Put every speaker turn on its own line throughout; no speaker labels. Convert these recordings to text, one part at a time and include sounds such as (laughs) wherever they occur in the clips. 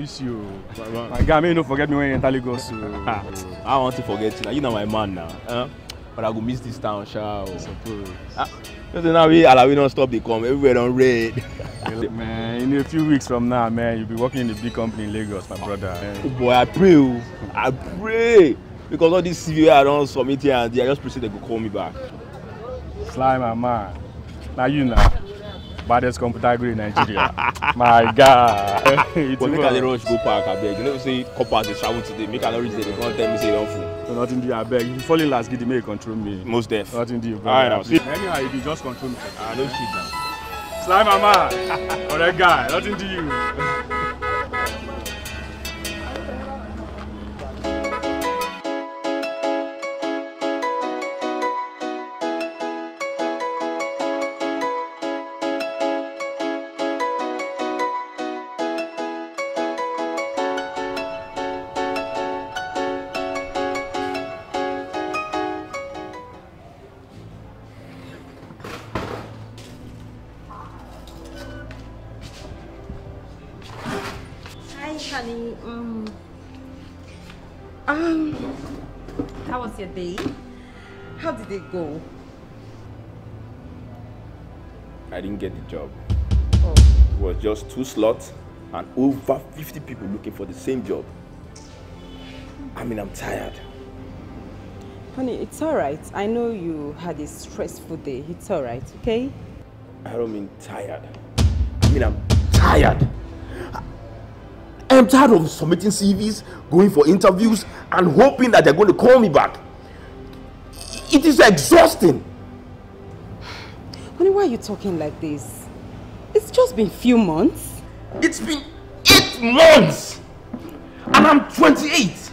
miss you o. my guy make you no forget me when you enter Lagos o. Oh. I want to forget you you know my man now, Huh? But I will miss this town sha o. Oh. Suppose. Ah, you now we Alawi don stop the come everywhere on red. man in a few weeks from now man you'll be working in a big company in Lagos my brother. Oh, boy I pray o oh. I pray because all these CV wey I don submit here and there just pray they dem go call me back. Sly my man now you na baddest computer grid in Nigeria. My God. well, (laughs) make I dey rush go park abeg. You know say coppers dey travel today. Make I no reach there. They come tell me say e don full. No, nothing do you abeg. If you fall in last gidi may you control me. Most def. Nothing do you. Alright, I'll see. Anyhow, if you just control me. Ah, no shit now. Sly mama. Alright guy, nothing do you. didn't get the job. Oh. It was just two slots and over 50 people looking for the same job. I mean, I'm tired.
Honey, it's all right. I know you had a stressful day. It's all right, okay?
I don't mean tired. I mean, I'm tired. I am tired of submitting CVs, going for interviews, and hoping that they're going to call me back.
It is exhausting. Honey, why are you talking like this? It's just been few months. It's been eight months! And I'm 28!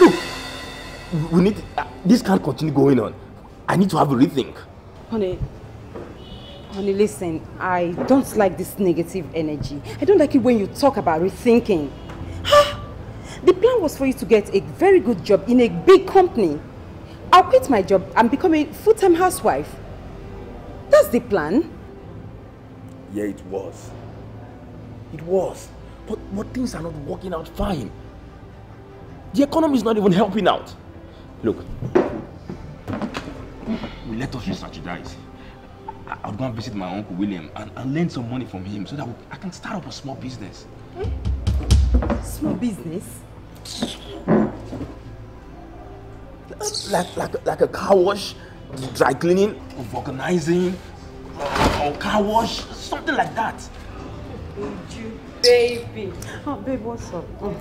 Look, we need...
Uh, this can't continue going on. I need to have a rethink.
Honey, honey, listen. I don't like this negative energy. I don't like it when you talk about rethinking. the plan was for you to get a very good job in a big company. I'll quit my job and become a full-time housewife the plan?
Yeah, it was.
It was. But, but
things are not working out fine. The economy is not even helping out. Look, we let us re-strategize. I'll go and visit my uncle William and, and lend some money from him so that I can start up a small business.
Small business?
Like, like, like a car wash, dry cleaning, vulcanizing, uh,
or car wash, something like that. You baby. Oh, babe, what's up? Oh.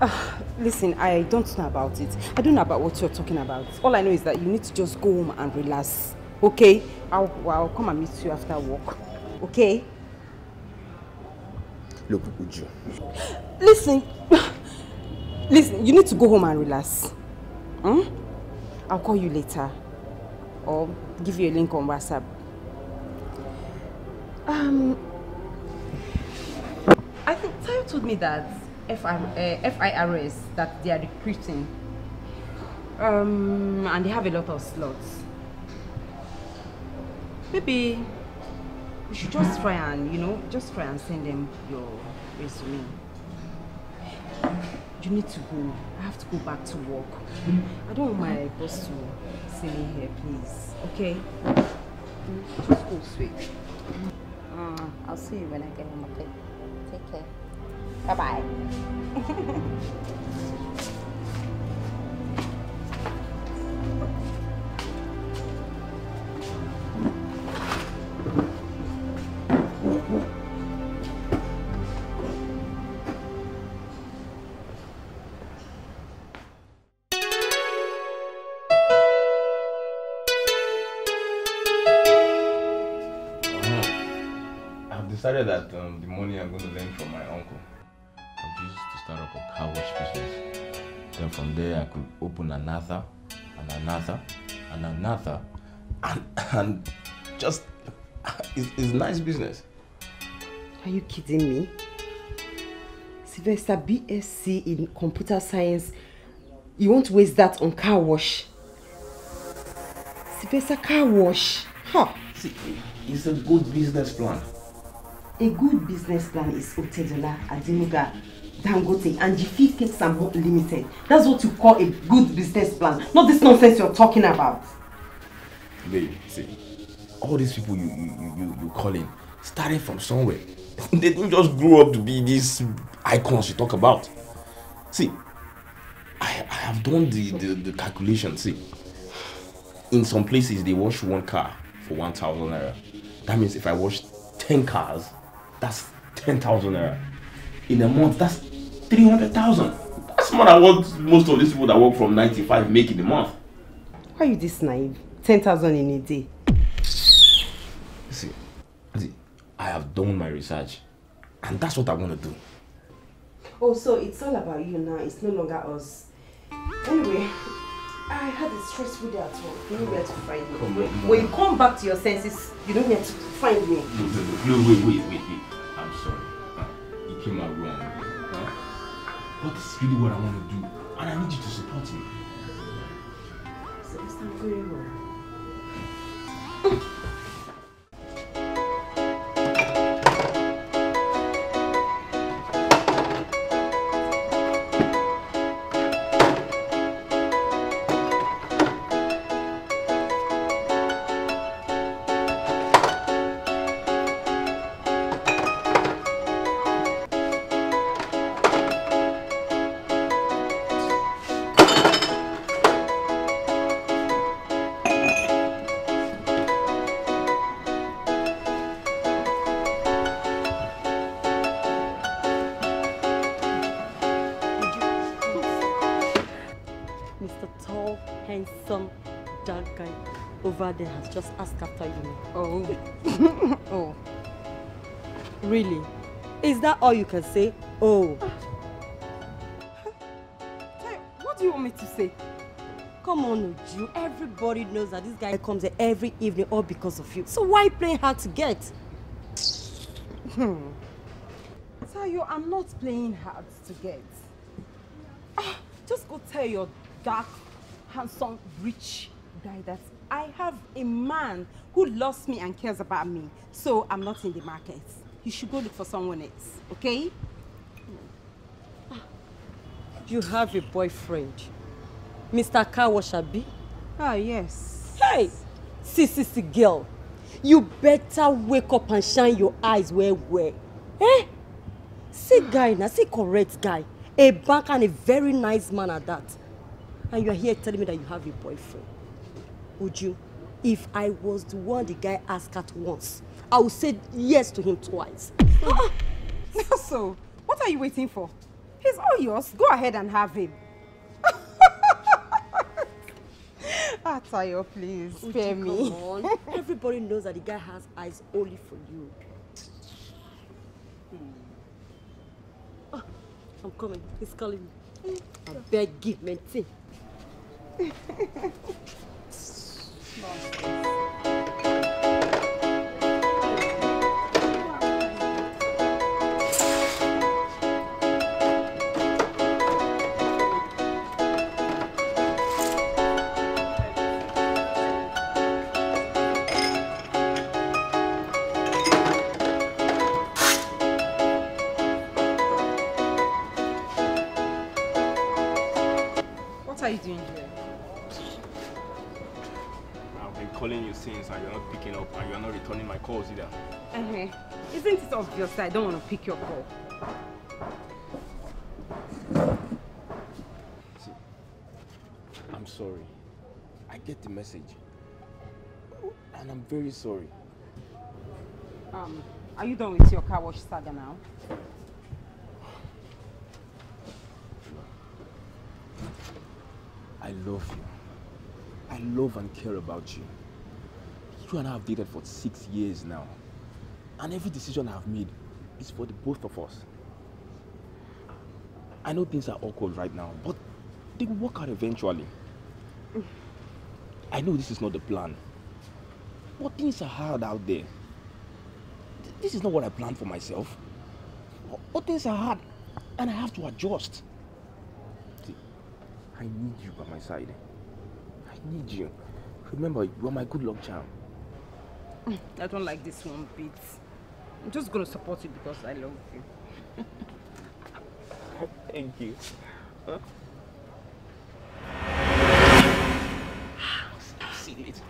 Uh, listen, I don't know about it. I don't know about what you're talking about. All I know is that you need to just go home and relax, okay? I'll, I'll come and meet you after work, okay? Look, Uju. Listen, (laughs) listen, you need to go home and relax. Hmm? I'll call you later or give you a link on WhatsApp. Um, I think Tayo told me that FIRS eh, that they are recruiting. Um, and they have a lot of slots. Maybe we should just try and, you know, just try and send them your resume. You need to go. I have to go back to work. I don't want my boss to see me here, please. Okay? Just go, sweet. Uh, I'll see you when I get home, okay? Take care. Bye-bye.
decided that um, the money I'm going to lend from my uncle I've used to start up a car wash business. Then from there, I could open another, and another, and another, and, and just, it's, it's nice business.
Are you kidding me? Sylvester BSc in computer science, you won't waste that on car wash. Sylvester car wash, huh? See,
it's a good business plan.
A good business plan is Otedola, Adenuga, Dangote, and Jiffy Cakes and More Limited. That's what you call a good business plan, not this nonsense you're talking about.
Babe, see, all these people you, you, you, you calling, starting from somewhere, (laughs) they didn't just grow up to be these icons you talk about. See, I, I have done the, the, the calculation, see. In some places, they wash one car for 1,000 naira. That means if I wash 10 cars, that's 10,000 naira. In a month, that's 300,000. That's more than what most of these people that work from 95 make in a month.
Why are you this naive? 10,000 in a day.
See, I have done my research and that's what I want to do.
Oh, so it's all about you now. It's no longer us. Anyway, I had a stressful day at work. You know where to find me. Come on, when you come back to your senses, you know where to find me. No,
no, no, no wait, wait, wait, wait. came out wrong. Huh? But this is really what I want to do, and I need you to support me.
So it's (laughs) not there has just asked after you. Oh. (laughs) oh. Really? Is that all you can say? Oh. What do you want me to say? Come on, Uju. Everybody knows that this guy comes here every evening all because of you. So why play hard to get? Hmm. Tell you, I'm not playing hard to get. Ah, just go tell your dark, handsome, rich guy that I have a man who loves me and cares about me, so I'm not in the market. You should go look for someone else, okay? You have a boyfriend, Mr. Kawashabi? Ah, yes. Hey, CCC girl, you better wake up and shine your eyes where where, Eh? See guy now, see correct guy. A bank and a very nice man at that. And you are here telling me that you have a boyfriend. Uju, if I was the one the guy asked at once, I would say yes to him twice. Ah, (gasps) so, what are you waiting for? He's all yours. Go ahead and have him. (laughs) Atayo, please, Uju, spare me. Come on. (laughs) Everybody knows that the guy has eyes only for you. Oh, I'm coming. He's calling me. I beg you, maintain. (laughs) Nossa. I don't want to pick your call.
I'm sorry. I get the message. And I'm very sorry.
Um, are you done with your car wash saga now?
I love you. I love and care about you. You and I have dated for six years now. And every decision I've made is for the both of us. I know things are awkward right now, but they will work out eventually. I know this is not the plan, but things are hard out there. This is not what I planned for myself. But things are hard, and I have to adjust. See, I need you by my side. I need you. Remember, you are my good luck charm.
(laughs) I don't like this one bit. I'm just gonna support you because I love you. (laughs) Thank you. Huh? see you later.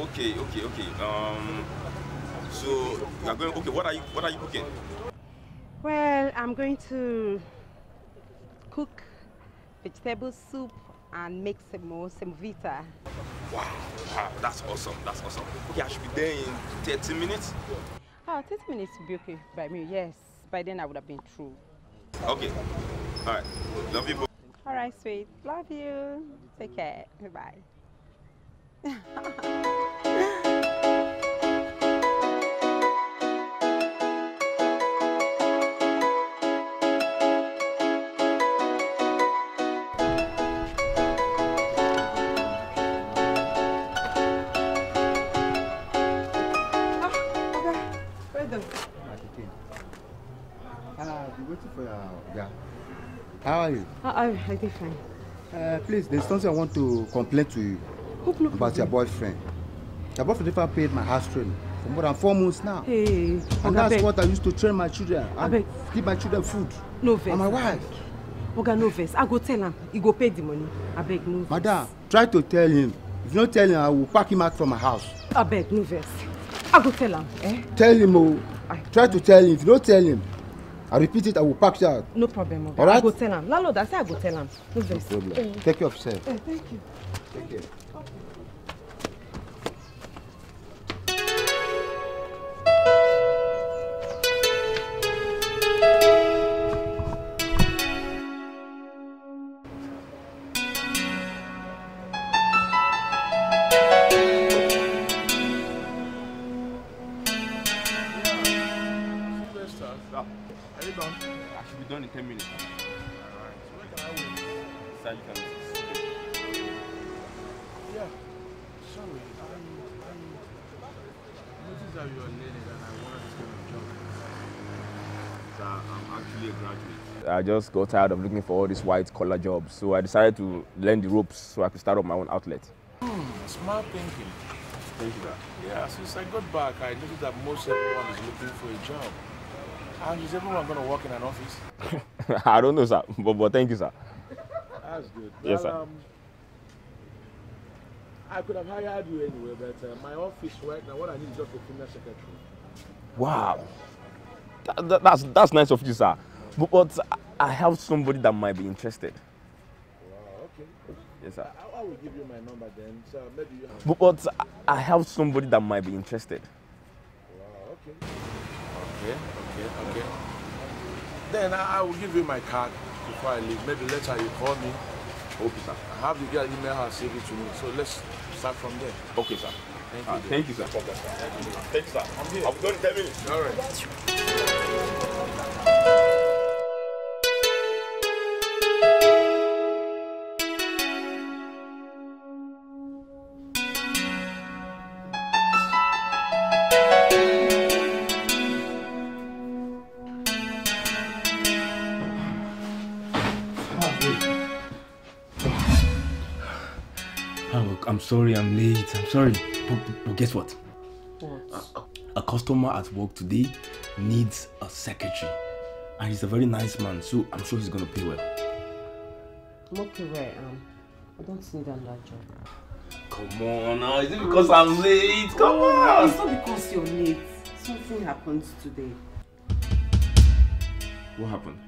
Okay, okay, okay. Um, so you are going. Okay, what are you? What are you cooking?
Well, I'm going to cook vegetable soup and make some more vita.
Wow, wow, that's awesome. That's awesome. Okay, I should be there in 30 minutes.
Oh, 30 minutes will be okay by me. Yes, by then I would have been through.
Okay. All right. Love you. Both.
All right, sweet. Love you. Take care. Bye. Ah, ah, How are you? I, I, I fine. Uh, please, there's something I want to complain to you. Hope no about your boyfriend. Your boyfriend never paid my house rent for more than four months now. Hey, and that's what I used to train my children and give my children food. No vex. And my wife. Oga, no vex. I go tell him. He go pay the money. I beg, no vex. Madam,
try to tell him. If you no tell him, I will pack him out from my house.
I beg, no vex. I go tell him. Eh?
Tell him, oh. I, try to tell him. If you no tell him, I repeat it, I will pack you out.
No problem, Oga. All right? I go tell him. Lalo, I say I go tell him. No vex. No problem. Eh. Take care of yourself. Eh, thank you. Take care.
I just got tired of looking for all these white collar jobs. So I decided to learn the ropes so I could start up my own outlet. Hmm, smart thinking. Thank you, Yeah, since I got back, I noticed that most everyone is looking for a job. And is everyone going to work in an office? (laughs) I don't know, sir, but, but thank you, sir. That's good. Well, yes, sir. Um, I could have hired you anyway, but uh, my office right now, what I need is just a female secretary. Wow. That, that, that's, that's nice of you, sir. But, but I have somebody that might be interested. Wow, okay. Yes, sir. I, I will give you my number then. So
maybe you have. But,
but I have somebody that might be interested. Wow, okay. Okay, okay, okay. Then I, I will give you my card before I leave. Maybe later you call me. Okay, sir. I have the girl email her, save it to me. So let's start from there. Okay, sir. Thank you, uh, thank you sir. Thank you, sir. I'm here. I'm going to tell you. All right. Ah, I'm sorry, I'm late. I'm sorry. But, but guess what?
what?
A, a customer at work today needs a secretary. And he's a very nice man, so I'm sure he's gonna pay well.
I'm okay where I am. Um, I don't need another job.
Come on now, is it because I'm late? Come oh, on! It's not because you're late. Something
happened today. What happened?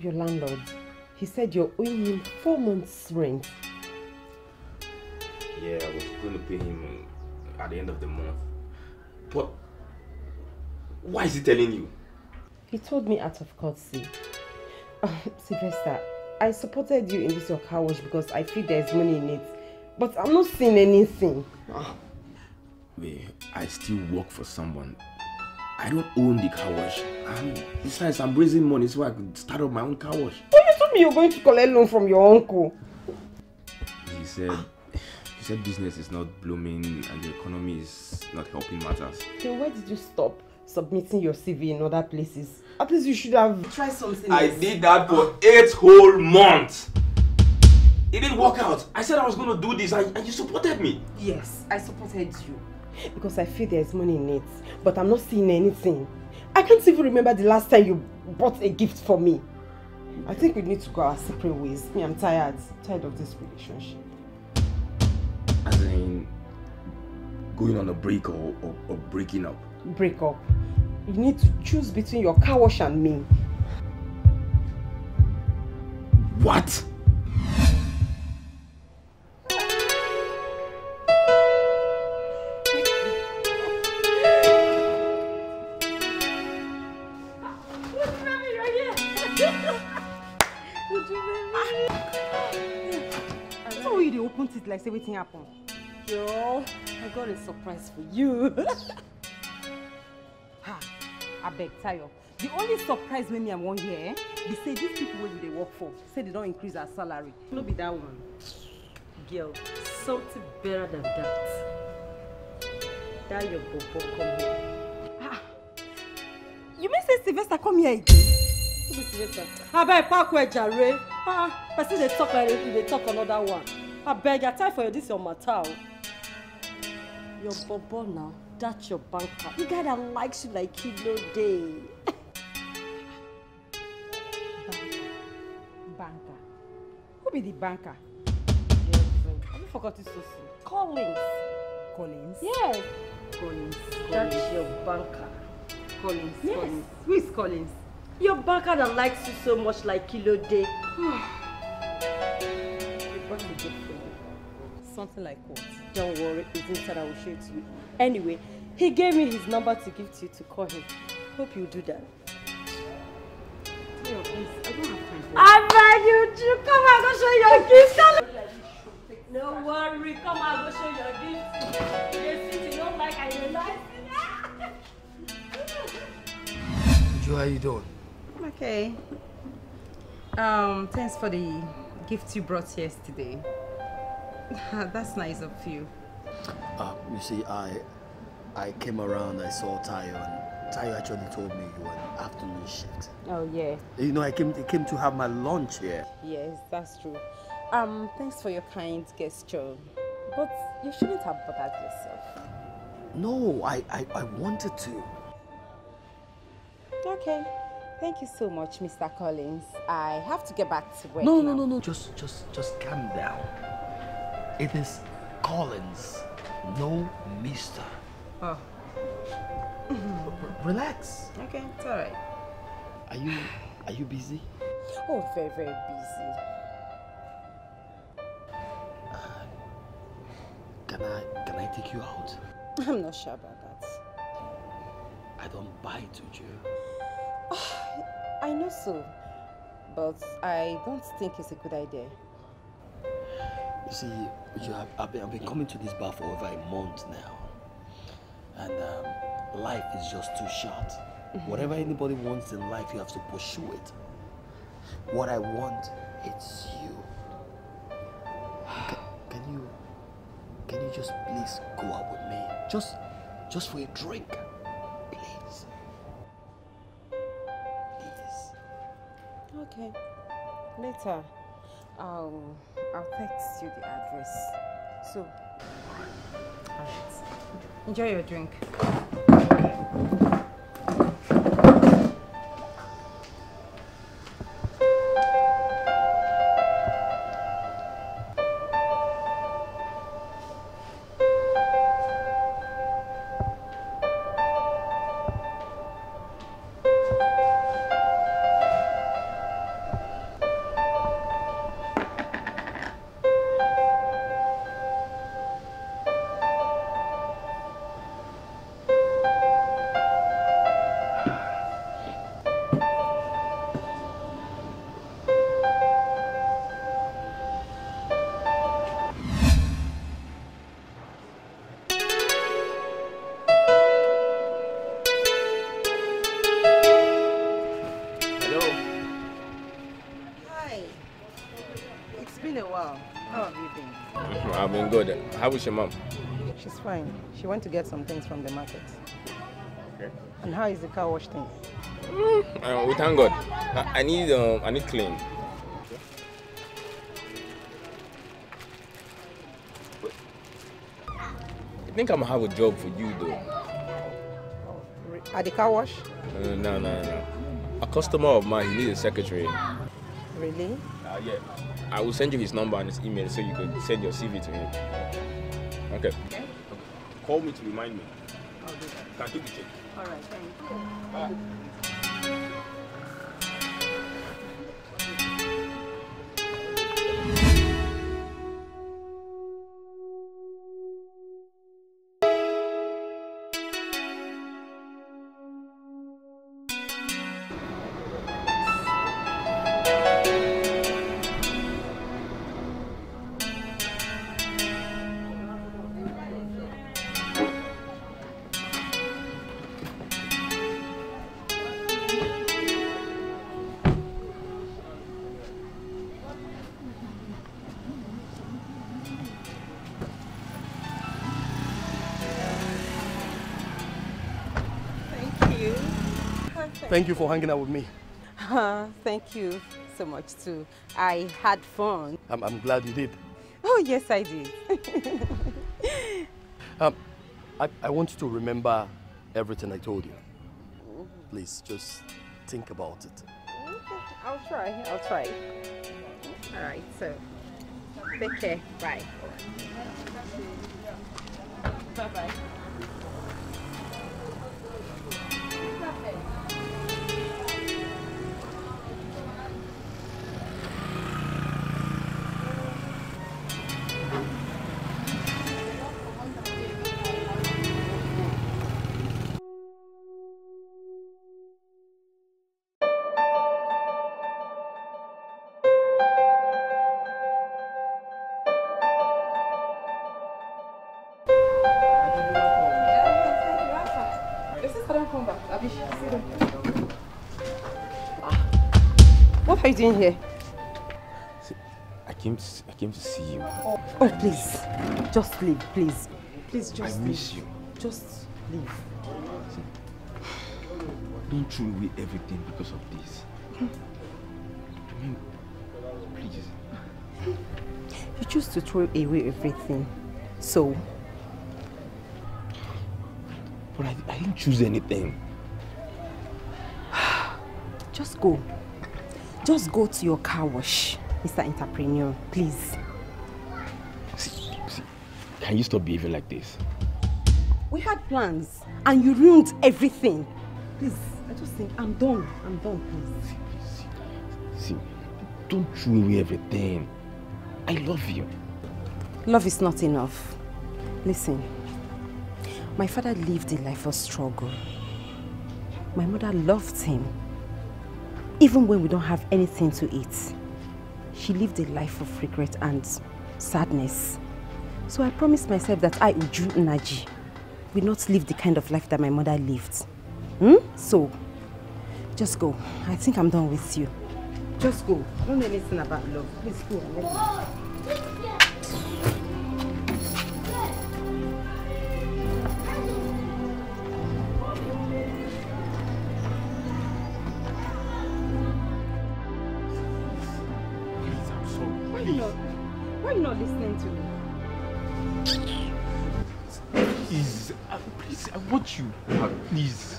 Your landlord. He said you're owing him four months' rent
yeah, I was going to pay him at the end of the month. But
why is he telling you? He told me out of courtesy. Um, Sylvester, I supported you in this your car wash because I feel there's money in it. But I'm not seeing anything.
Wait, ah. I still work for someone. I don't own the car wash. And besides, I'm raising money so I could start up my own car wash.
Oh, you told me you're going to collect loan from your uncle.
He said you said business is not blooming and the economy is not helping matters.
Then why did you stop submitting your CV in other places? At least you should have tried something I else. did that for eight whole months.
It didn't work out. I said I was going to do this
and, and you supported me. Yes, I supported you. Because I feel there's money in it, but I'm not seeing anything. I can't even remember the last time you bought a gift for me. I think we need to go our separate ways. Me, I'm tired. Tired of this relationship.
As in going on a break or, or, or breaking up?
Break up. You need to choose between your car wash and me. What? like say wetin happen Yo, I got a surprise for you. (laughs) ha, I abeg Tayo. The only surprise when me I wan here, eh, they say these people wey they work for, say they don't increase our salary. No be that one. Girl, something better than that. That your bobo come here. Ah, you mean say Sylvester come here again? Who be Sylvester? I beg park where jare. Ah, person they talk like they talk another one. I beg I tell for you. this your matter o. Oh your bobo now. That's your banker. The guy that likes you like you no day. banker. Banker. Who be the banker? Girlfriend. Have you forgotten so soon? Collins. Collins? Yes. Collins. Collins. That's your banker. Collins. Yes. Collins. Who is Collins? Your banker that likes you so much like Kilo Day. (sighs) something like what? Don't worry, it's inside. I will show it to you. Anyway, he gave me his number to give to you to call him. Hope you do that. No, please, I don't have time. I beg you to come and go show your gifts. No worry, come and go show your gifts. how are you don't like, I am like. Okay. Um, thanks for the gift you brought yesterday. (laughs) That's nice of you.
Uh, you see, I I came around, I saw Tayo, and Tayo actually told me you were an afternoon shift. Oh, yeah. You know, I came, I came to have my lunch here.
Yes, that's true. Um, thanks for your kind gesture. But you shouldn't have bothered yourself.
No, I, I, I wanted to.
Okay. Thank you so much, Mr. Collins. I have to get back to work No,
now. no, no, no. Just, just, just calm down. It is Collins, no Mister.
Oh. (laughs) relax. Okay, it's all right.
Are you are you busy?
Oh, very very busy.
Uh, can I can I take you out?
(laughs) I'm not sure about that.
I don't buy it, would you?
Oh, (sighs) I know so, but I don't think it's a good idea.
You see, you have, I've, been, I've been coming to this bar for over a month now. And um, life is just too short. Mm -hmm. Whatever anybody wants in life, you have to pursue it. What I want, it's you. can, can you, can you just please go out with me? Just, just for a drink,
please. Please. Okay. Later. I'll, I'll text you the address. So, alright. Enjoy your drink. a while. How have you been? Mm-hmm. I've been good. How is your mom? She's fine. She went to get some things from the market. Okay. And how is the car wash thing? Mm, uh, we thank God. I, I need um,
I need clean. I think I'm gonna have a job for you though.
Oh, at the car wash?
No, uh, no, no, no. A customer of mine, he needs a secretary. Really? Uh, yeah. I will send you his number and his email so you can send your CV to
him. Okay. okay. okay.
Call me to remind me. I'll do that. Can you. check?
All right, thank you. Bye. Thank you for hanging out with me. Uh, (laughs) thank you so much too. I had fun.
I'm, I'm glad you did.
Oh, yes, I did. (laughs)
um, I, I want you to remember everything I told you. Please, just think about it.
I'll try, I'll try. All right, so take care. Bye. Bye-bye. doing here?
I came, to, I came to see you. Oh, oh please. Just leave, please.
Please, just I leave. miss you. Just leave.
Don't throw away everything because of this. I
mean, please. You choose to throw away everything. So?
But I, I didn't choose anything.
Just go. Just go to your car wash, Mr. Entrepreneur, please. See, see,
can you stop behaving like this?
We had plans and you ruined everything. Please, I just think I'm done. I'm done, please. See, see, don't ruin everything. I love you. Love is not enough. Listen, my father lived a life of struggle. My mother loved him even when we don't have anything to eat. She lived a life of regret and sadness. So I promised myself that I, Uju Naji, We'd not live the kind of life that my mother lived. Hmm? So, just go. I think I'm done with you. Just go. Don't know anything about love. Please go. you not, why you not listening to me? Please, uh, please, I want you
back, please.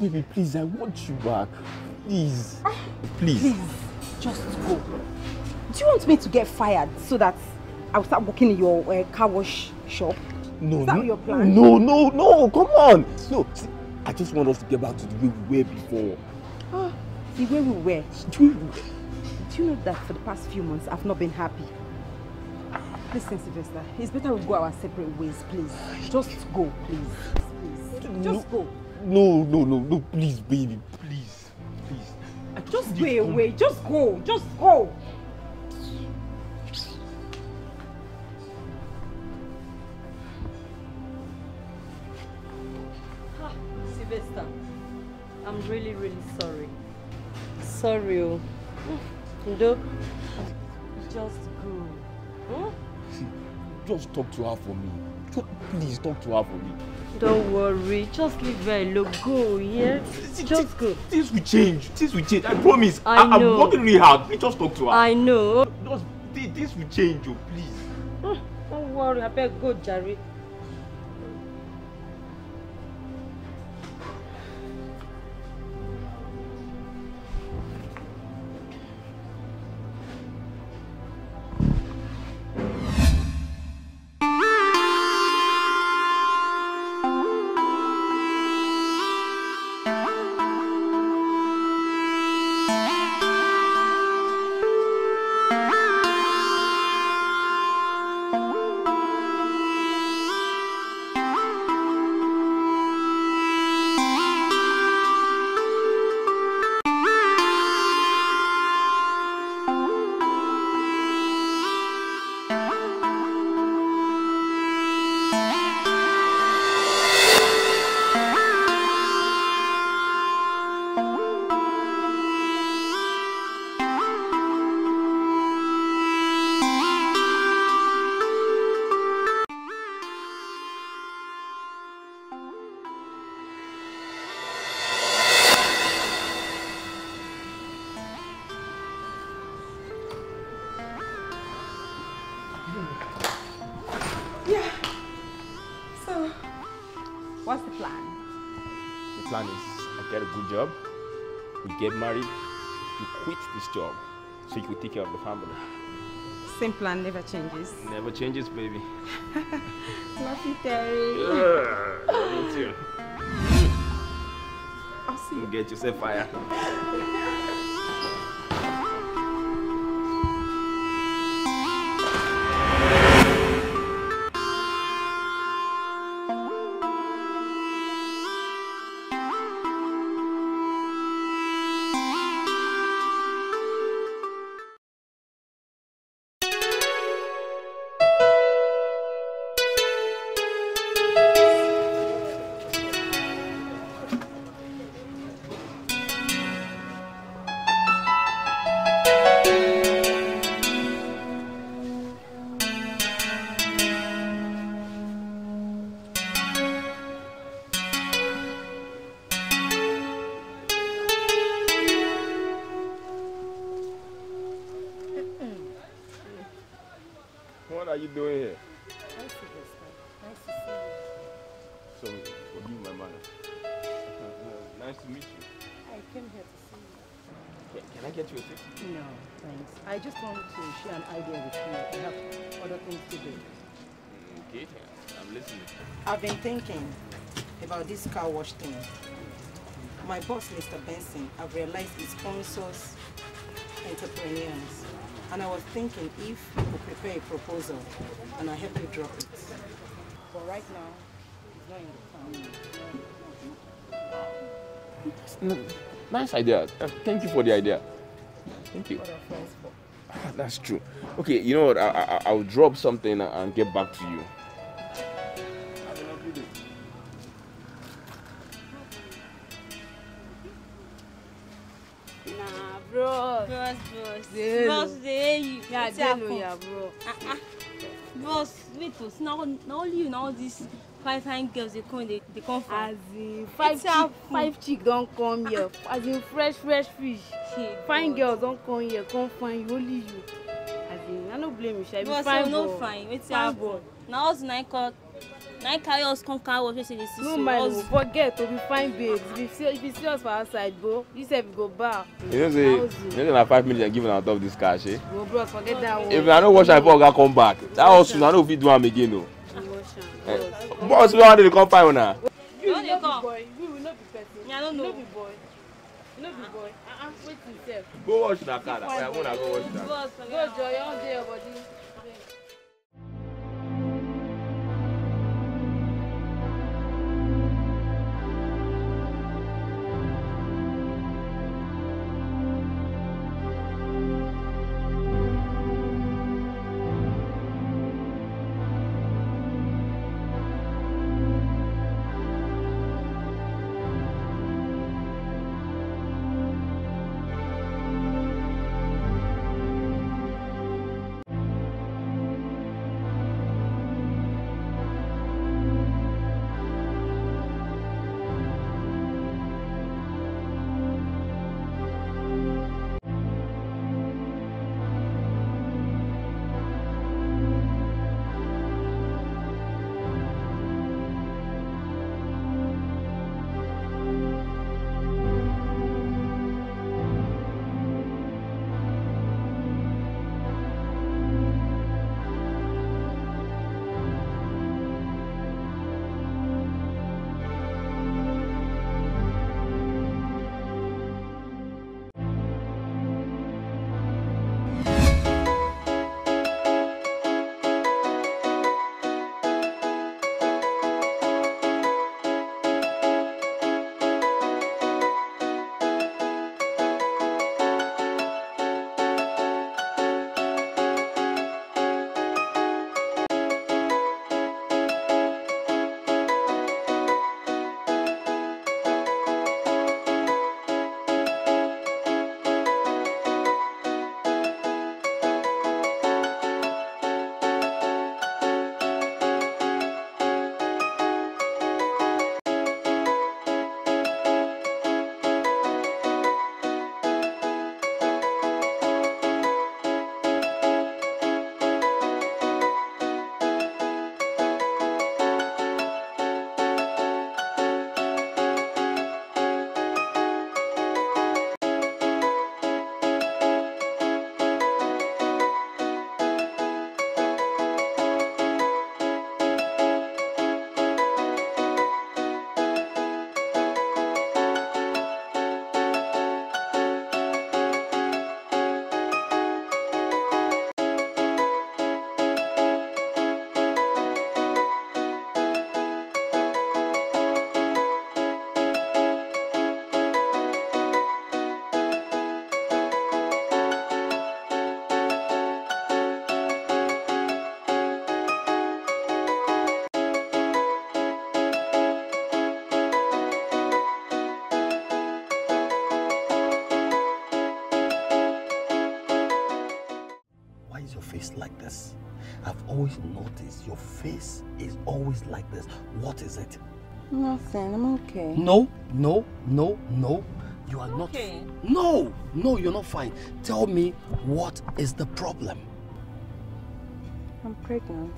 Baby, please, I want you back. Please. Ah, please. Please,
just go. Do you want me to get fired so that I'll start working in your uh, car wash shop?
No, Is that no, your plan? No, no, no, come on. No, see, I just want us to get back to the way we were before.
Uh, the way we were? The way we were you know that for the past few months, I've not been happy? Listen, Sylvester, it's better we go our separate ways, please. Just go, please. Please. Just no, go.
No, no, no, no, please, baby, please.
Please. just go away. Just go. Just go. Ah, Sylvester, I'm really, really sorry. Sorry. Oh. Ndo, just go. Hmm?
just talk to her for me. Just please talk to her for me.
Don't worry, just leave her alone. Go, yeah? just go. Things will
change. Things will change. I promise. I, I know. I'm working really hard. Please just talk to her. I know. Just, this will change, oh, please.
Hmm, don't worry, I better go, Jerry.
get married, you quit this job so you could take care of the family.
Same plan never changes.
Never changes, baby.
Love you, Terry. Yeah, too.
I'll see you. Get yourself fired. are you doing here?
Nice to see
you. So forgive my manner. nice to meet you.
I came here to see
you. Can, can I get you a seat?
No, thanks. I just want to share an idea with you. I have other things to do.
Okay, I'm listening.
I've been thinking about this car wash thing. My boss, Mr. Benson, I've realized he sponsors entrepreneurs. And I was thinking if you could prepare a proposal and I help you drop it. But right now, it's
not in the mm, Nice idea. Uh, thank you for the idea. Thank you. (laughs) That's true. Okay, you know what? I, I, I'll drop something and get back to you.
Yeah, Bello, yeah, bro. Uh-uh. Bros, wait, oh, now, now only you now this five fine girls they come they, they come from. As in five chick, five chick don't come here. Ah, ah. As in fresh fresh fish. Hey, fine girls don't come here, come find you only you. As in I no blame you, I sha. Bros, I oh, no fine. Wait, fine boy. Now us nine call na him carry us come carry us wey say dey see so us. no mind we forget to be fine Babe, if you see us for outside go you sef go bow. you know say you know say na five minutes
dem give una on top dis car shey. Eh?
o bro, forget dat one. if una no wash am
before oga come back that hustle una no fit do am again o. Oh. Eh, boss wey wan dey come find una.
you no dey come. you no be person. you no know. be boy. Uh -uh, wait himself.
go wash na car na why i
go wash na. go joy you wan dey your
body. face is always like this. What is it?
Nothing. I'm okay. No,
no, no, no. You are okay. not. No, no, you're not fine. Tell me what is the problem?
I'm pregnant.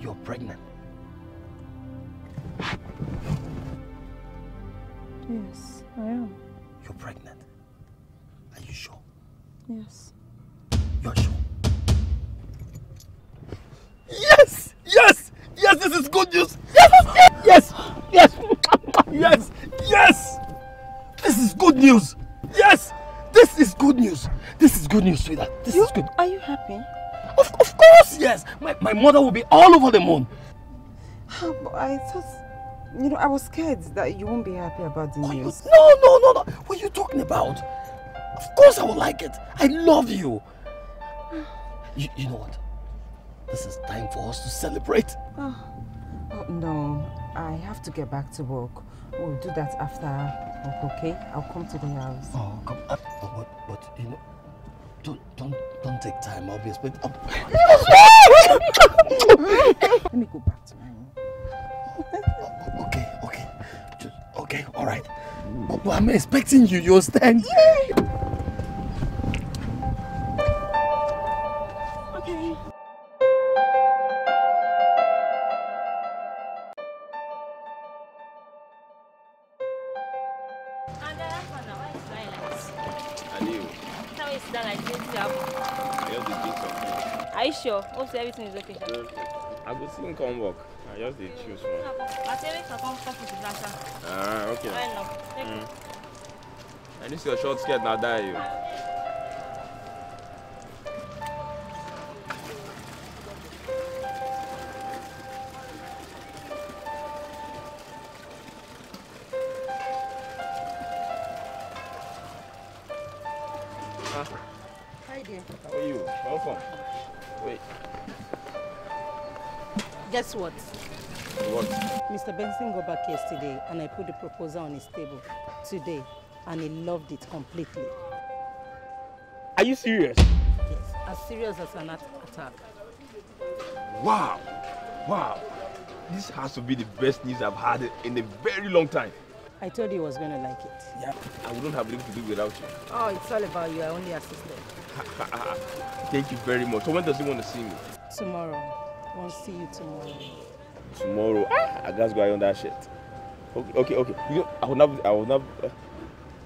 You're pregnant?
Of, of course, yes. My, my mother will be all over the moon.
Ah, but I thought, you know, I was scared that you won't be happy about the news. no, no, no, no. What are you talking about? Of course I will like it. I love you.
(sighs) You, you know what? This is time for us to celebrate.
Oh, oh, no, I have to get back to work. We'll do that after work, okay? I'll come to the house. Oh,
come up. Uh, but, but, but you know... Don't, don't, don't take time. Obviously. be Oh.
Let me go back to my room.
Oh, okay, okay, okay, all right. But oh, I'm expecting you. You'll stand. Yeah.
everything is okay.
I go see him come work. I just did choose one.
My parents are come come to the
Ah, okay. Why not? And this your short skirt now die you.
what? What? Mr. Benson got back yesterday and I put the proposal on his table today and he loved it completely. Are you serious? Yes, as serious as an attack.
Wow, wow. This has to be the best news I've had in a very long time.
I told you I was going to like it.
Yeah, I wouldn't have lived to do without you.
Oh, it's all about you. I only assisted.
(laughs) Thank you very much. So when does he want to see me?
Tomorrow. We'll see you tomorrow.
Tomorrow? Ah, I just go iron that shirt. Okay, okay, okay. You know, I would not, I would not, uh, eh,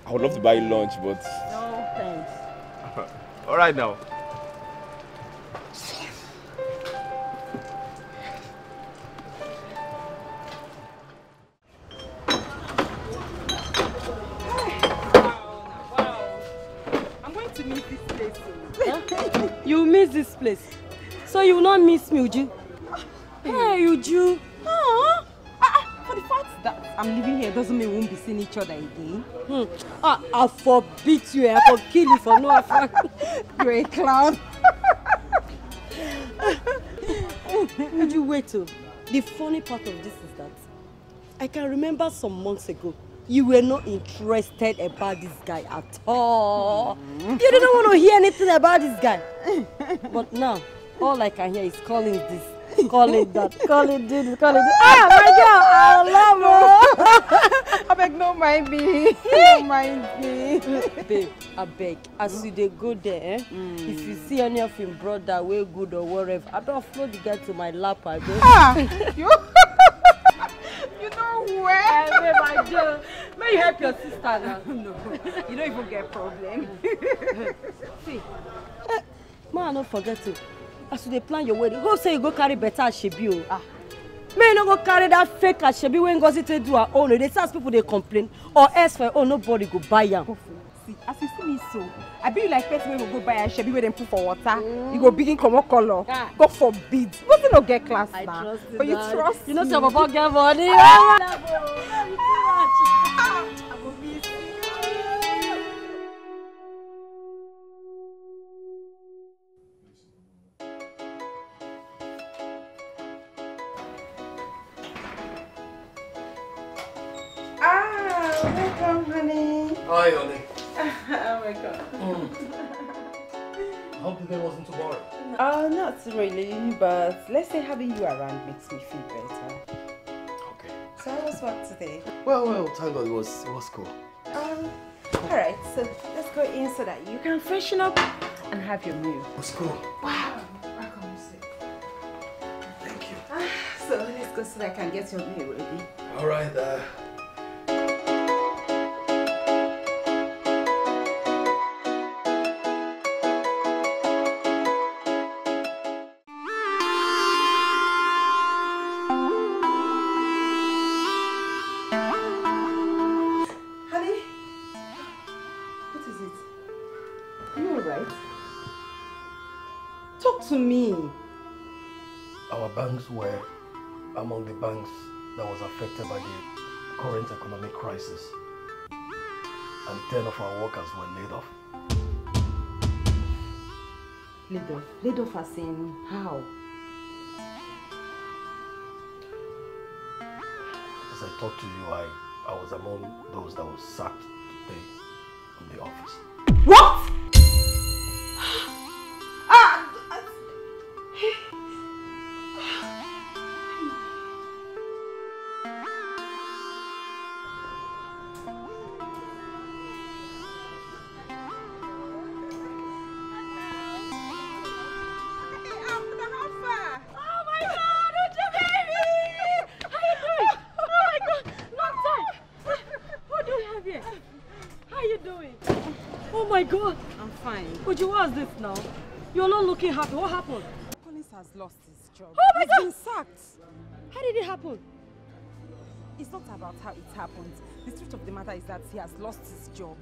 I would love to buy lunch, but.
No, thanks.
(laughs) All right now.
You miss this place. So you will not miss me, would you? Hey, Uju. Huh? Ah, ah, for the fact that I'm living here doesn't mean we won't be seeing each other again. Hmm. Ah, I forbid you. Eh? I for kill you for no affront. (laughs) You're a clown. You (laughs) wait till. Oh. The funny part of this is that I can remember some months ago you were not interested about this guy at all. Mm. You didn't want to hear anything about this guy. But now, all I can hear is calling this Call it that. Call it this. Call it this. Ah, my girl, I love her. (laughs) I beg, no mind me. (laughs) No mind me. Babe, I beg, as you dey go there, eh, mm. if you hmm. see any of him brother wey good or whatever, I don't float the guy to my lap, I go. Ah, (laughs) you. you know where? Uh, eh, babe, I do. May you help your sister now. no, you don't even get problem. see, man, I no forget to as you dey plan your wedding hope say you go carry better asebi o ah may you no go carry that fake asebi wey ngozi take do her own o dey see as people dey complain or else for your own nobody go buy am. see as you see me so i be like person wey go go buy asebi wey dem put for water mm. you e go begin comot colour ah. for forbid nothing no get class na but you trust me. you know say obobo get money. (laughs) Ah! on it. oh my god. Mm. I hope the day wasn't too boring. Uh, oh, not really, but let's say having you around makes me feel better. Okay. So how was work today? Well, well, thank God it was, it was cool. Um, alright, so let's go in so that you can freshen up and have your meal. It was cool. Wow. Thank you. Ah, so let's go so that I can get your meal ready.
Alright, uh... were among the banks that was affected by the current economic crisis. And 10 of our workers were laid off.
Laid off? Laid off as in how?
As I talked to you, I, I was among those that was sacked today in the office.
Deji, what's this now? You're not looking happy. What happened? Collins has lost his job. Oh my He's God! been sacked. How did it happen? It's not about how it happened. The truth of the matter is that he has lost his job.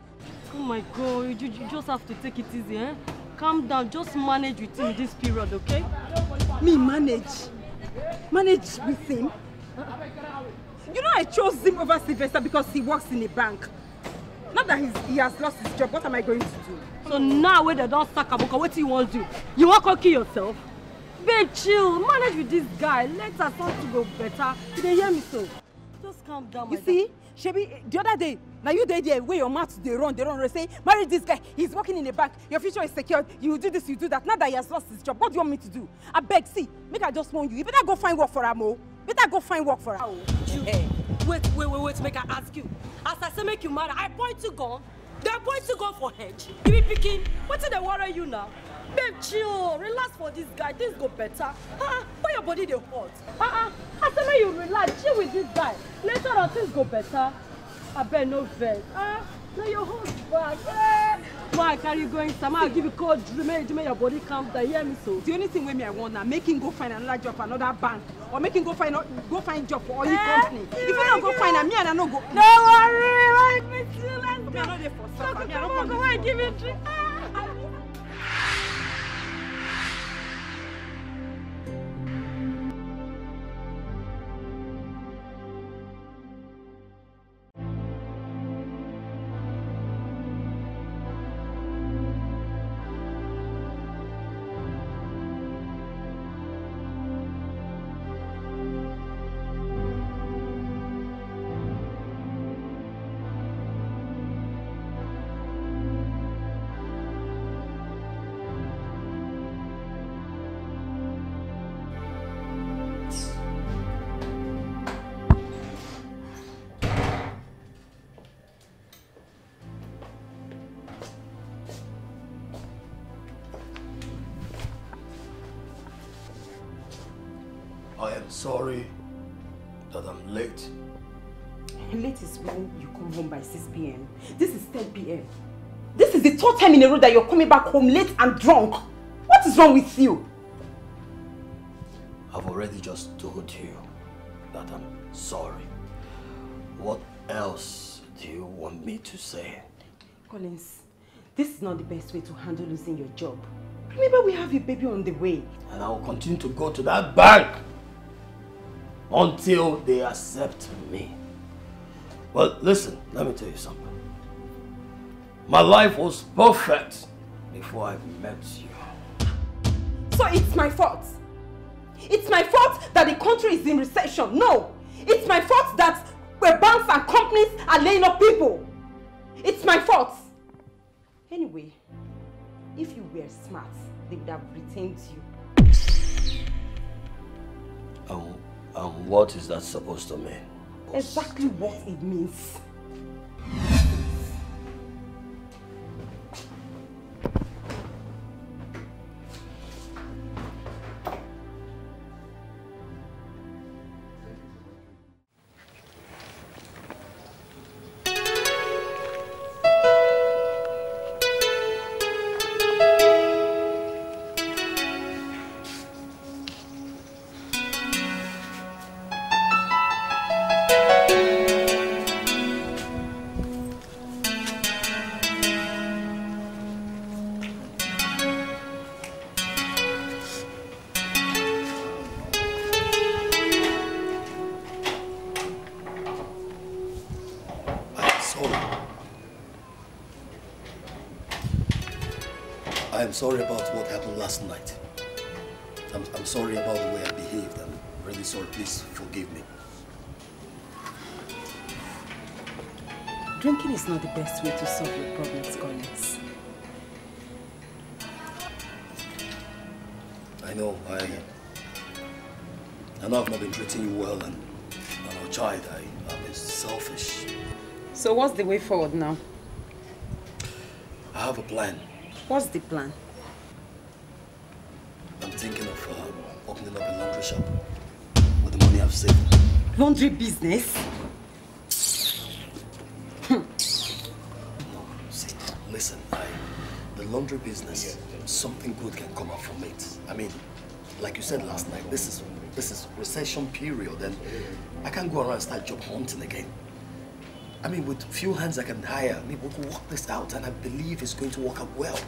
Oh my God, you, you just have to take it easy, eh? Calm down, just manage with him this period, okay? Me manage? Manage with him? You know I chose him over Sylvester because he works in a bank. Not that he's, he has lost his job, what am I going to do? so now wey they don't sack abuka do you want to do you wan come kill yourself babe chill manage with this guy Let us later to go better you dey hear me so just calm down my you see shebi the other day now you there there wey your mouth They run they run They say marry this guy he's working in the bank your future is secured you do this you do that now that he has lost his job what do you want me to do I beg, see make i just want you you better go find work for am o oh. better go find work for am. Eh. wait wait wait wait make i ask you as i say make you marry i point you gone. They are going to go for hedge. You be picking. Wetin dey worry you now? Babe, chill. Relax for this guy. Things go better. Ah, why your body they hot? Ah, ah. I tell make you relax. Chill with this guy. Later on, things go better. I bet no vex. Ah. No, your host back. Hey! Before I you going, Sam, I'll give you cold drink, make, make your body calm you Hear me so. The only thing with me I want now, make him go find another job for another bank. Or make him go find go find job for all your eh, company. If you don't go find me and I no go. Don't worry, wait me too, let's go. Okay, I know they for come on, go give me drink.
I am sorry that I'm late.
Late is when you come home by 6 p.m. This is 10 p.m. This is the third time in a row that you're coming back home late and drunk. What is wrong with you?
I've already just told you that I'm sorry. What else do you want me to say?
Collins, this is not the best way to handle losing your job. Remember we have a baby on the way. And I will continue to go to that
bank until they
accept
me. Well, listen, let me tell you something. My life was perfect before I met you.
So it's my fault. It's my fault that the country is in recession. No, it's my fault that where uh, banks and companies are laying off people. It's my fault. Anyway, if you were smart, they would have retained you.
I won't and what is that supposed to mean?
Exactly what it means.
I'm sorry about what happened last night. I'm, I'm sorry about the way I behaved. I'm really sorry. Please forgive me.
Drinking is not the best way to solve your problems, Collins.
I know, I... I know I've not been treating you well and, and our child, I, I've been selfish.
So what's the way forward now?
I have a plan.
What's the plan? I'm
thinking of uh, opening up a laundry shop with the money I've saved.
Laundry business? no,
see, listen, I, the laundry business, something good can come out from it. I mean, like you said last night, this is this is recession period and I can't go around and start job hunting again. I mean, with few hands I can hire, I we can work this out and I believe it's going to work out well.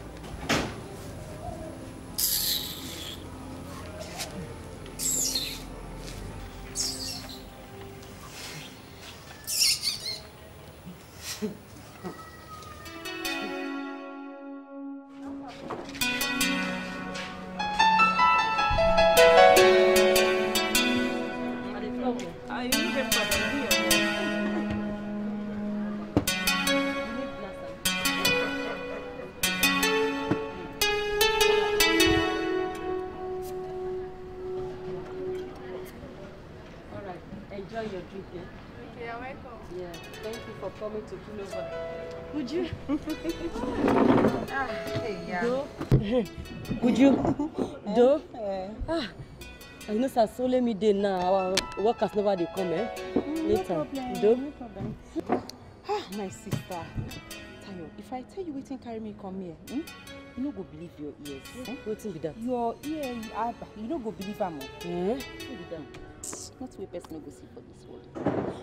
So let me dey now our workers never dey come eh mm, later no problem, Do? no problem. ah my sister tayo if i tell you wetin carry me come here hmm? you no go believe your ears eh? wetin be that your ear you aba you no go believe am o oh. eh? no be not wey person go see for this world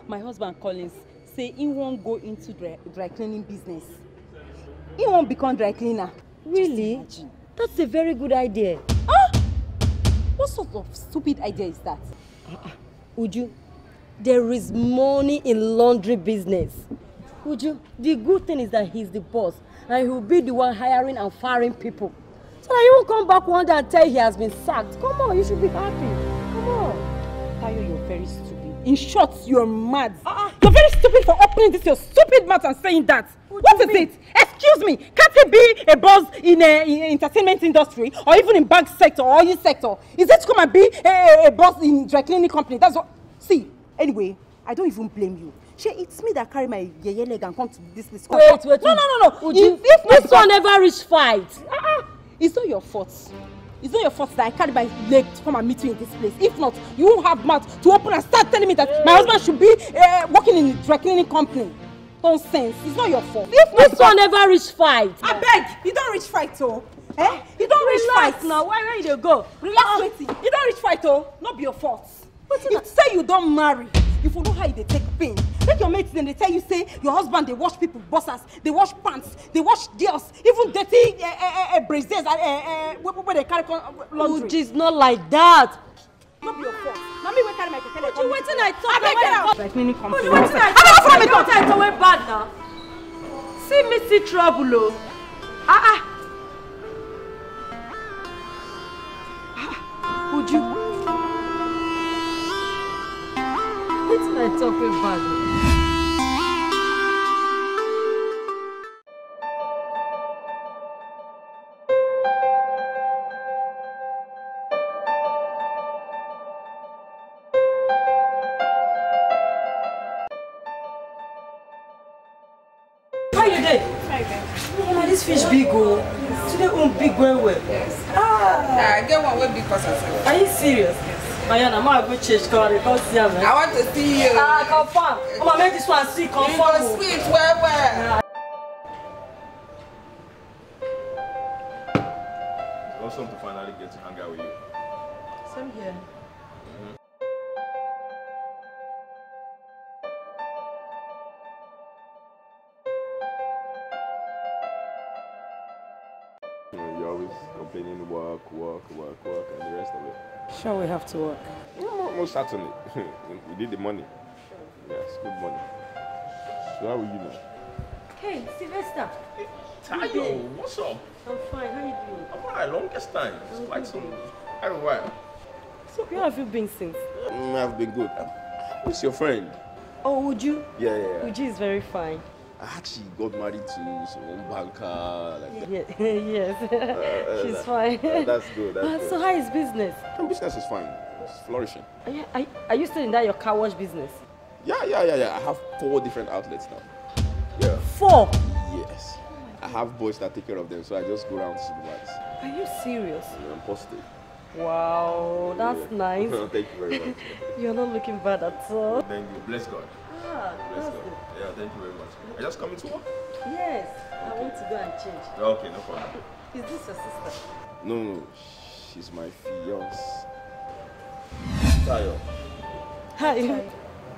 my husband collins say he wan go into dry, dry cleaning business he wan become dry cleaner really that's a very good idea What sort of stupid idea is that? Uh-uh. Uju, there is money in laundry business. Uju, the good thing is that he's the boss and he will be the one hiring and firing people. So that he won't come back one day and tell he has been sacked. Come on, you should be happy. Come on. Tayo, you're very stupid. In short, you're mad. Uh-uh. You're very stupid for opening this your stupid mouth and saying that. What, what is mean? it? Excuse me, can't it be a boss in the entertainment industry or even in bank sector or oil sector? Is it to come and be a, a boss in dry cleaning company? That's what. See, anyway, I don't even blame you. She, it's me that carry my yeye leg and come to this place. Wait, wait, wait. No, no, no, no. if, if this one never reach fight. Uh-uh. It's not your fault. It's not your fault that I carried my leg to come and meet you in this place. If not, you won't have mouth to open and start telling me that my husband should be uh, working in a dry cleaning company. Nonsense. It's not your fault. If not, this one never reach fight. I beg, you don't reach fight, oh. Eh? You don't Relax reach fight. now. Where, where you go? Relax, uh, you don't reach fight, oh. Not be your fault you say you don't marry you follow how they take pain make your mates dem they tell you say your husband they wash people bosses they wash pants they wash girls even dirty uh, uh, uh, braziers uh, uh, uh, wey they carry uh, laundry. ojis not like that. no be your fault na me wey carry my keke dey come. oju wetin i talk na wey i talk. like many companies. oju wetin i talk na wey i talk wey bad now. see me see trouble o. Oh. ah ah. ah, ah. you? It's my talking value. Aya, na ma go change color because see am. Eh? I want to see you. Ah, confirm. Mama, make this one sweet, confirm. You go oh. sweet, well, well.
It's awesome to finally get to hang out with you.
Same here. sure we have to work.
Yeah, most certainly. we need the money. Yes, good money. So how are you now?
Hey, Sylvester. Hey, Tayo, what's up? I'm fine. How are you doing?
I'm alright. Longest time. It's I'm like
some. I don't know So where have you been since?
Mm, I've been good. Who's your friend?
Oh, Uju. Yeah, yeah, yeah. Uju is very fine.
I actually got married to some banker.
Like yeah, (laughs) yes, uh, uh (laughs) she's fine. Uh, that's
good. That's good. So how is business? And business is fine. It's flourishing. Are
oh, you, are, are you still in that your car wash business?
Yeah, yeah, yeah, yeah. I have four different outlets now. Yeah. Four? Yes. Oh I have boys that take care of them, so I just go around to supervise.
Are you serious?
Yeah, I'm positive.
Wow, that's yeah. (laughs) nice. Thank you very much. You're not looking bad at all.
Thank you. Bless God. Yeah, go. Yeah, thank you very much. Are just coming to work?
Yes, okay. I want to go and change.
Okay, no problem.
Is this your sister?
No, no, she's my fiance. Tayo.
Hi. Hi.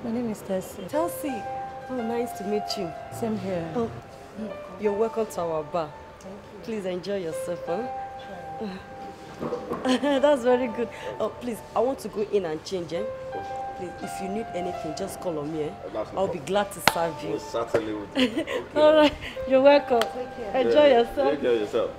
My name is Tessie. Tessie. Oh, nice to meet you. Same here. Oh, you're welcome to our bar. Thank you. Please enjoy yourself, huh? (laughs) That's very good. Oh, please, I want to go in and change, eh? please, if you need anything, just call on me. Eh? I'll be glad to serve you. Most certainly will. (laughs) Okay. All right, you're welcome. Enjoy yeah. yourself. Enjoy
yourself.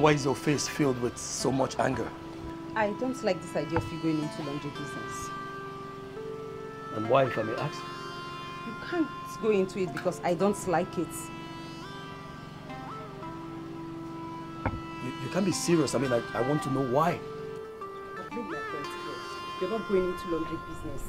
why is your face filled with so much anger?
I don't like this idea of you going into laundry business.
And why, if I may ask?
You can't go into it because I don't like it.
You, you can't be serious. I mean, I, I want to know why.
You're not going into laundry business.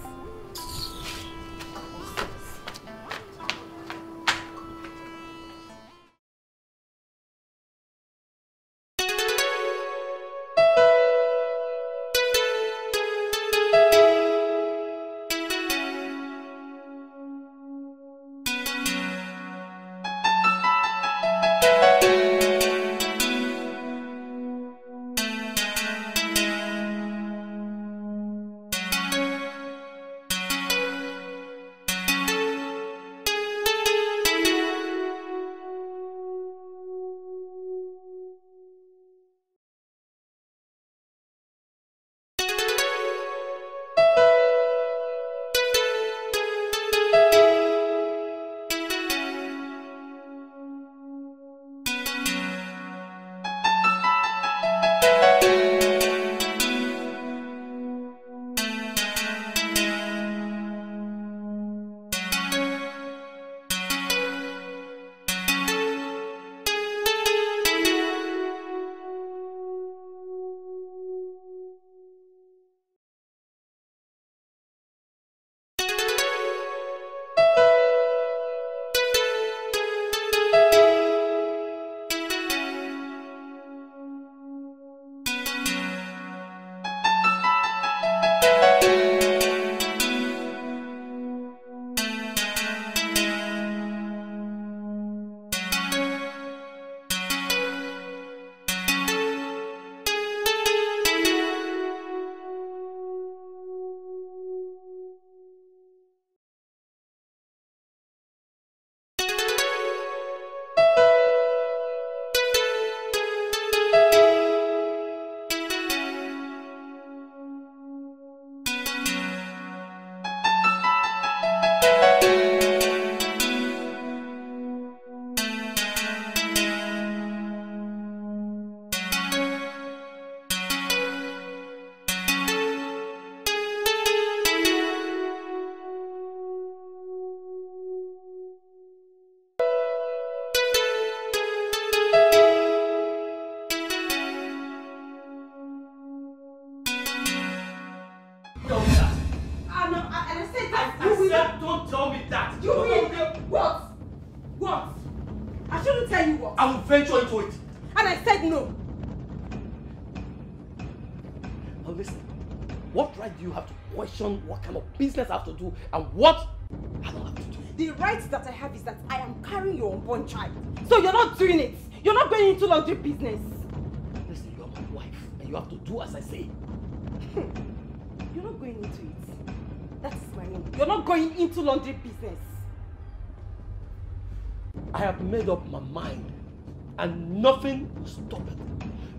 do and what I don't have to do. The right that I have is that I am carrying your unborn child. So you're not doing it. You're not going into laundry business. Listen, you're my wife and you have to do as I say. Hmm. you're not going into it. That is my name. You're not going into laundry business.
I have made up my mind and nothing will stop it.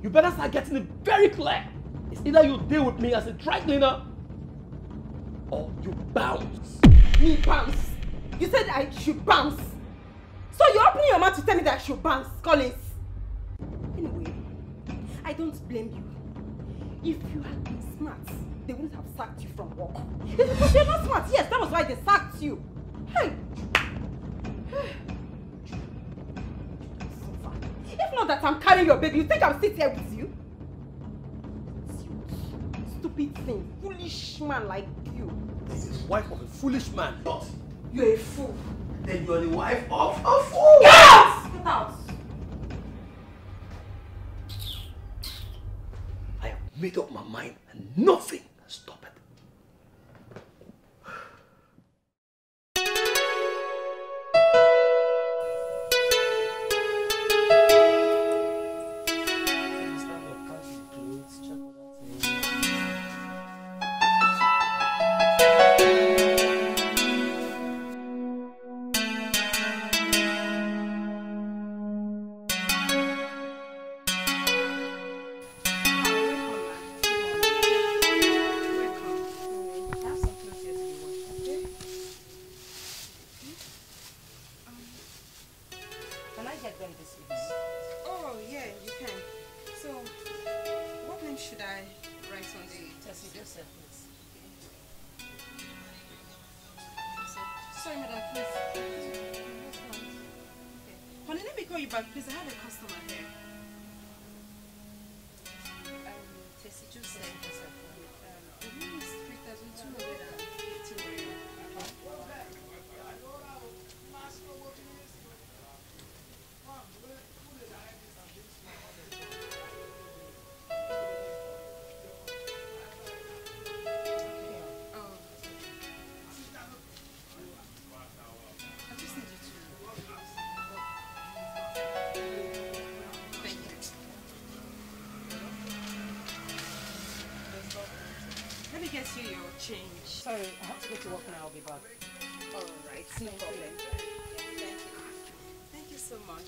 You better start getting it very clear. It's either you deal with me as a dry cleaner or you bounce.
Me bounce? You said I should bounce. So you're opening your mouth to tell me that I should bounce, Collins. Anyway, I don't blame you. If you had been smart, they wouldn't have sacked you from work. It's because you're not smart. Yes, that was why they sacked you. Hey. If not that I'm carrying your baby, you think I'm sitting here with you? Stupid thing, foolish man like
This is wife of a foolish man. But
you're a fool.
Then you're the wife
of a fool. Get out! Get out.
I have made up my mind and nothing can stop
you back, please. I have a customer here. Um, Tessie just said, um, the room is 3,218 naira. Uh-huh. Sorry, I have to go to work now. I'll be back. All right, no problem. Thank you. Thank you so much.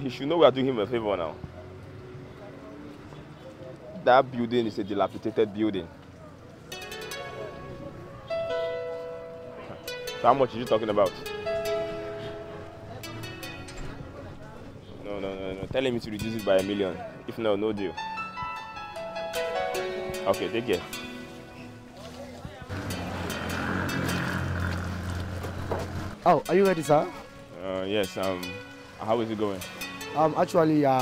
he should know we are doing him a favor now. That building is a dilapidated building. So how much are you talking about? No, no, no, no. Tell him to reduce it by a million. If not, no deal. Okay, take care.
Oh, are you ready, sir?
Uh, yes, um, how is it going?
Um, actually, uh,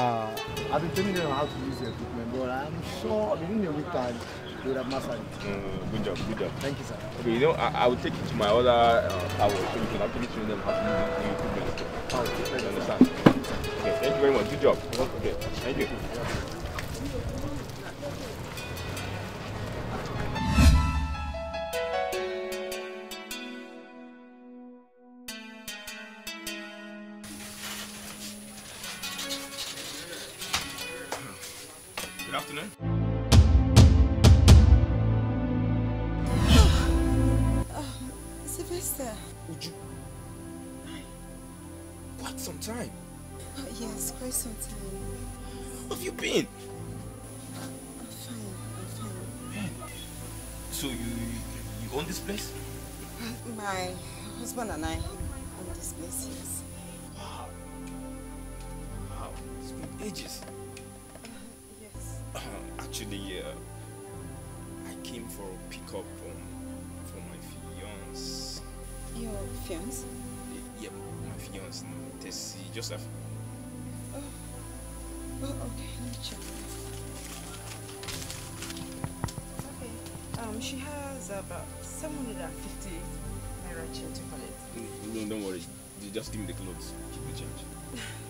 I've been telling them how to use the equipment, but I'm sure within a week time, they would have mastered it. Mm, good job, good job. Thank you, sir. Okay, you know, I, I will take you to my other uh, tower so you can actually show them how to use the equipment. Oh, okay. You understand? Okay, thank you very much. Good job. Okay, thank you. stuff.
Oh. oh, okay, let me check. Okay, um, she has about 750 naira change to collect.
Mm, no, don't worry. Just give me the clothes. Keep the change. (laughs)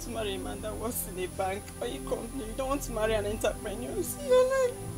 want to marry a man that works in a bank or a company. You don't want to marry an entrepreneur. You see your